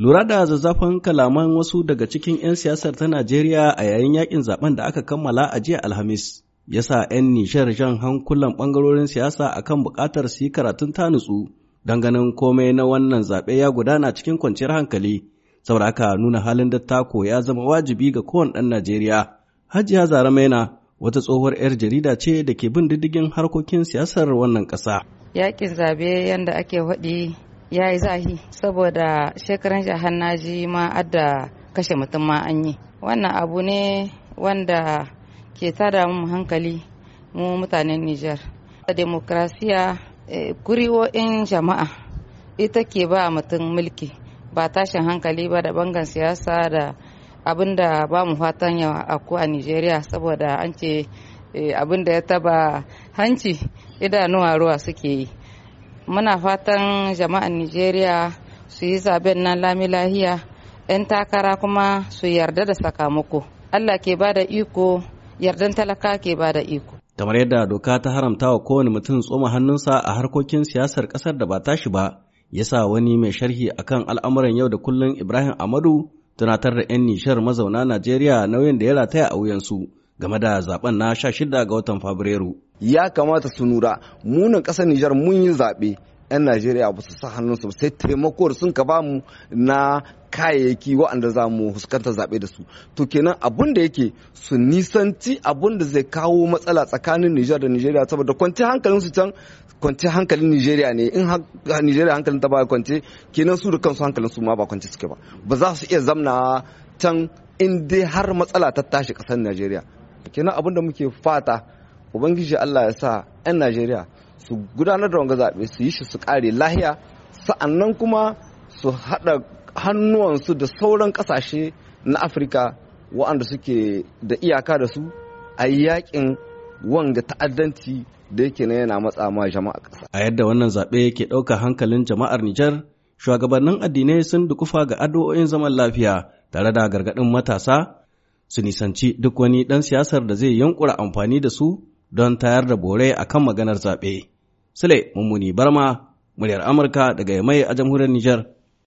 Lura da zazzafan kalaman wasu daga cikin 'yan siyasar ta Najeriya a yayin yakin zaben da aka kammala a jiya Alhamis, ya sa 'yan nishar jan hankulan ɓangarorin siyasa akan buƙatar su yi karatun ta nutsu don ganin komai na wannan zaɓe ya gudana cikin kwanciyar hankali. Saboda haka nuna halin dattako ya zama wajibi ga kowane ɗan Najeriya. Hajiya Zara Maina wata tsohuwar 'yar jarida ce da ke bin diddigin harkokin siyasar wannan ƙasa. Yaƙin zaɓe yadda ake faɗi ya yi zahi saboda shekaran jihar ma adda kashe mutum ma an yi wannan abu ne wanda ke tada mu hankali mu mutanen nijar demokrasiya eh, kuriwo'in jama'a ita ke ba mutum mulki ba tashin hankali ba da bangan siyasa da abin da ba mu fatan ya aku a nigeria saboda an ce eh, abin da ya taba hanci idanuwa ruwa suke yi muna fatan jama'an nigeria su yi zaben nan lami lahiya 'yan takara kuma su yarda da sakamako allah ke ba da iko yardan talaka ke ba da iko kamar yadda doka ta haramta wa kowane mutum tsoma hannunsa a harkokin siyasar kasar da ba shi ba yasa wani mai sharhi akan al'amuran yau da kullum ibrahim amadu tunatar da 'yan nishar mazauna najeriya nauyin da ya rataya a wuyansu game da zaben na 16 ga watan fabrairu ya kamata su nura munan ƙasar Nijar mun yi zaɓe 'yan Najeriya ba su sa hannunsu sai taimakon sun ka bamu na kayayyaki waɗanda za mu huskanta zaɓe da su to kenan abun da yake su nisanci abun da zai kawo matsala tsakanin Nijar da Nijeriya saboda kwanci hankalin su can kwanci hankalin Nijeriya ne in Nijeriya hankalin ta ba kwanci kenan su da kansu hankalin su ma ba kwanci suke ba ba za su iya zamna can in dai har matsala ta tashi ƙasar Najeriya kenan abun da muke fata ubangiji Allah ya sa 'yan Najeriya su gudanar da wanga zaɓe su yi shi su ƙare lahiya sa'annan kuma su haɗa hannuwansu da sauran ƙasashe na Afirka waɗanda suke da iyaka da su a yakin wanga ta'addanci da yake na yana matsa ma jama'a ƙasa. A yadda wannan zaɓe ke ɗauka hankalin jama'ar Nijar, shugabannin addinai sun dukufa ga addu'o'in zaman lafiya tare da gargaɗin matasa su nisanci duk wani ɗan siyasar da zai yankura amfani da su don tayar da bore a kan maganar zaɓe. Sule Mummuni Barma, muryar Amurka daga mai a jamhuriyar Nijar.